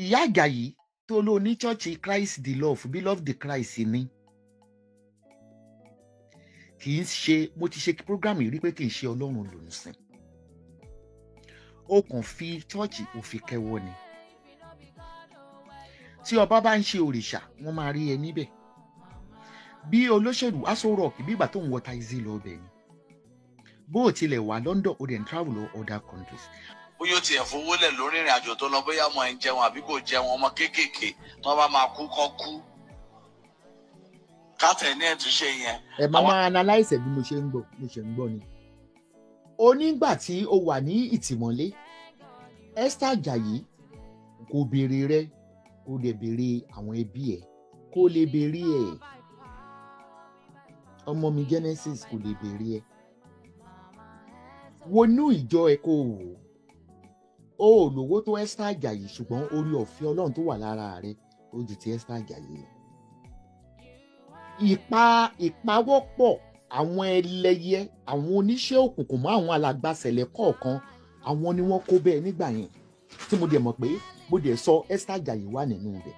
ìyá àjàyí tó ló ní chọ́ọ̀chì christ the love beloved the christ ni kì í ṣe mo ti ṣe program yìí rí pé kì í ṣe ọlọ́run ló ń sìn ó kàn fi chọ́ọ̀chì òfin kẹwọ́ ni tí ọba bá ń ṣe òrìṣà wọ́n máa rí ẹ níbẹ̀ bí olóṣèlú aṣọ rock bí ìgbà tó ń wọ taxi lọ bẹ̀ ni bó tilẹ̀ wà London ó dẹ̀ travel lọ other countries bóyá ó tiẹ̀ fowó lẹ̀ lórí ìrìn àjò tó lọ bóyá ọmọ ẹ̀ ń jẹun àbí kò jẹun ọmọ kéékèèké tí bá máa kú kọ́ kú kátẹ̀ ní ẹ̀ tún ṣe yẹn. ẹ máa máa analyse bí mo ṣe ń gbọ́ mo ṣe ń gbọ́ ni. ó tí o wà ní ìtìmọ́lé Esther Ajayi kò béèrè rẹ kò lè béèrè àwọn ẹbí ẹ kò lè béèrè ẹ ọmọ mi Genesis kò lè béèrè ẹ wọnú ìjọ ẹ kò wò ó o ò lówó tó Esther Ajayi ṣùgbọ́n orí ọ̀fẹ́ Ọlọ́run tó wà lára rẹ ó ju ti Esther Ajayi lọ. ìpa ìpawọ́pọ̀ àwọn ẹlẹ́yẹ àwọn oníṣẹ́ òkùnkùn mọ́ àwọn alàgbàsẹ̀lẹ̀ kọ̀ọ̀kan àwọn ni wọ́n kó bẹ́ẹ̀ nígbà yẹn tí mo dẹ̀ mọ̀ pé mo dẹ̀ sọ Esther Ajayi wà nínú rẹ̀.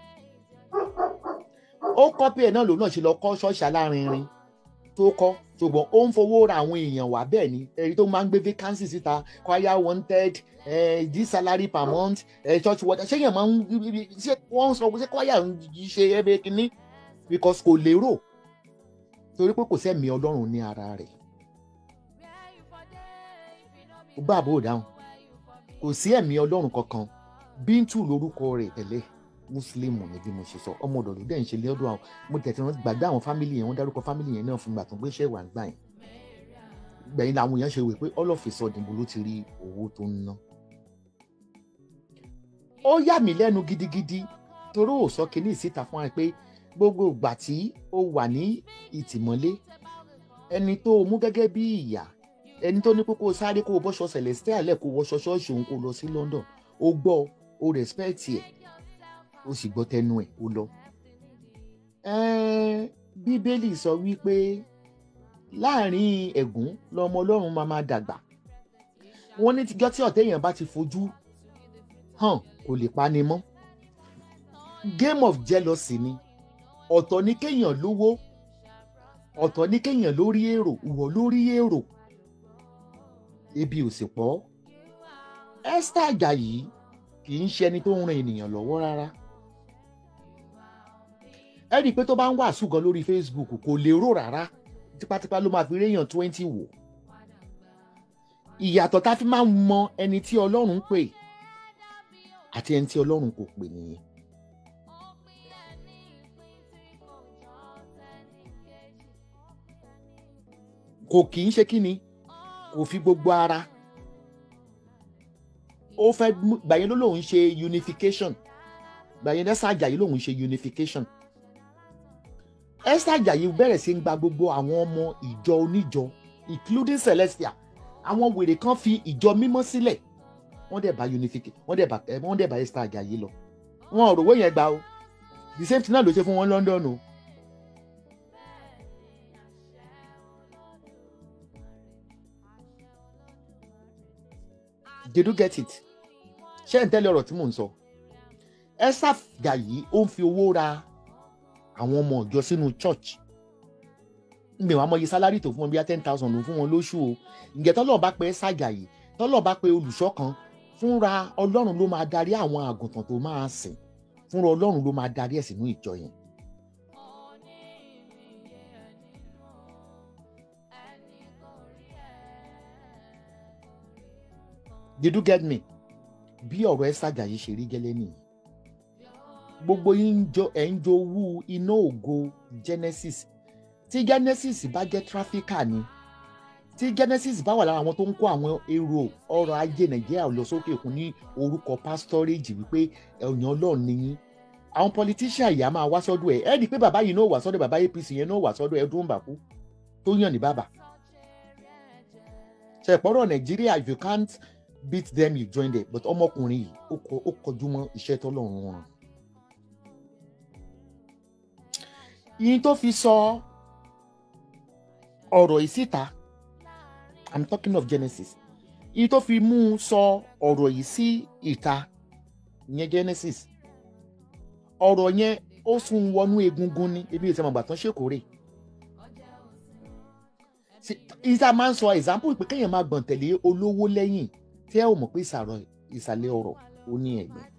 ó kọ́pì ẹ̀ náà lòun náà ṣe lọ kọ́ ṣọ́ọ̀ṣì alárinrin tó kọ́ ṣùgbọ́n ó ń fowó ra àwọn èèyàn wá bẹ́ẹ̀ ni ẹ̀rí tó máa ń gbé vacancy síta choir wanted this salary per month church water ṣé yẹn máa ń ṣe wọ́n ń sọ ṣé choir ń ṣe ẹbẹ̀ kínní because kò lérò torí pé kò sẹ́mi ọlọ́run ní ara rẹ̀ gbàgbọ́ dáhùn kò sí ẹ̀mí ọlọ́run kankan bíntù lórúkọ rẹ̀ tẹ́lẹ̀ muslim ni bí mo ṣe sọ ọmọ ọ̀dọ̀ ló dẹ̀ ń ṣe lọ́dọ̀ àwọn mo tẹ̀ tí wọ́n gbàgbé àwọn fámìlì yẹn wọ́n dárúkọ fámìlì yẹn náà fún ìgbà tó ń gbé iṣẹ́ ìwà ń gbà yẹn gbẹ̀yìn làwọn èèyàn ṣe wè pé all of a sudden bó ló ti rí owó tó ń ná. ó yà mí lẹ́nu gidigidi torí ò sọ kínní ìsíta fún wa pé gbogbo ìgbà tí ó wà ní ìtìmọ́lé ẹni tó mú gẹ́gẹ́ bí ìyà ẹni tó ní kókó sáré kó bọ́ṣọ celestial lẹ̀ kó wọṣọ ṣọ́ọ̀ṣì òun kó lọ sí London ó gbọ́ ó respect ẹ̀ ó sì gbọ́ tẹnu ẹ̀ ó lọ. bíbélì sọ wípé láàrin ẹ̀gún lọmọ ọlọ́run máa máa dàgbà wọ́n ní tíjọ́ tí ọ̀tẹ̀yàn bá ti fojú hàn kò lè pani mọ́ game of jealousy ni ọ̀tọ̀ ní kéèyàn lówó ọ̀tọ̀ ní kéèyàn lórí èrò ìwọ lórí èrò ebi ò sì pọ̀ Esther Ajayi kì í ṣe ẹni tó ń ran ènìyàn lọ́wọ́ rárá ẹ rí i pé tó bá ń wàásù gan lórí Facebook kò lè rò rárá tipátipá ló máa fi réèyàn twenty wò ìyàtọ̀ tá a fi máa ń mọ ẹni tí Ọlọ́run pè àti ẹni tí Ọlọ́run kò pè nìyẹn. kò kì í ṣe kí kò fi gbogbo ara ó fẹ́ gbàyẹn ló lòun ṣe unification gbàyẹn lẹ́sàájà yìí lòun ṣe unification. Esther Ajayi bẹ̀rẹ̀ sí ń gba gbogbo àwọn ọmọ ìjọ oníjọ including Celestia àwọn wèrè kan fi ìjọ mímọ́ sílẹ̀ wọ́n dẹ̀ bá unifique wọ́n dẹ̀ bá eh, wọ́n dẹ̀ bá Esther Ajayi lọ wọn ò rò wọ́n yẹn gbà o the same thing náà ló ṣe fún wọn London o. did you get it ṣé ẹ̀ ń tẹ́lẹ̀ ọ̀rọ̀ tí mò ń sọ Esther Ajayi ó ń fi owó ra àwọn ọmọ ìjọ sínú church nbẹ wàá mọye sálárì tó fún wọn bíi ten thousand ló fún wọn lóṣù o ǹjẹ́ tọ́lọ́ bá pẹ́ ṣàjàyè tọ́lọ́ bá pẹ́ olùṣọ́ kan fúnra ọlọ́run ló máa darí àwọn àgùntàn tó máa sìn fúnra ọlọ́run ló máa darí ẹ̀ sínú ìjọ yẹn. did you get me bí ọ̀rọ̀ ẹ̀ ṣàjàyè ṣe rí gẹ́lẹ́ nìyí gbogbo ẹ̀ ń jowú iná ògo Genesis tí Genesis bá jẹ́ tráfíkà ni tí Genesis bá wà lára àwọn tó ń kó àwọn èrò ọrọ̀ ajé Nàìjíríà lọ sókè òkun ní orúkọ pastorage wípé ẹ̀yàn Ọlọ́run nìyí àwọn politician yìí á máa wá sọ́dọ̀ ẹ̀ ẹ́ di pé bàbá yìí náà wà sọ́dọ̀ bàbá APC yẹn náà wà sọ́dọ̀ ẹ̀ dúnbà tó yàn ní bàbá. ṣèpọ̀rọ̀ Nàìjíríà you can't beat them you join them but ọmọkùnrin yìí ó kọjú mọ́ iṣẹ́ tọ́lọ́run wọn. yín tó fi sọ ọ̀rọ̀ yìí síta i'm talking of Genesis yín tó fi mú un sọ ọ̀rọ̀ yìí sí ìta ìyẹn Genesis ọ̀rọ̀ yẹn ó sún wọnú egungun ní ebi ìsẹ̀mọ̀ ìgbà tán ṣèkórè ìta máa ń sọ example pé kéèyàn máa gbọ̀n tẹ̀lé olówó lẹ́yìn tí ẹ ò mọ̀ pé ìsàlẹ̀ ọ̀rọ̀ ó ní ẹ̀gbẹ́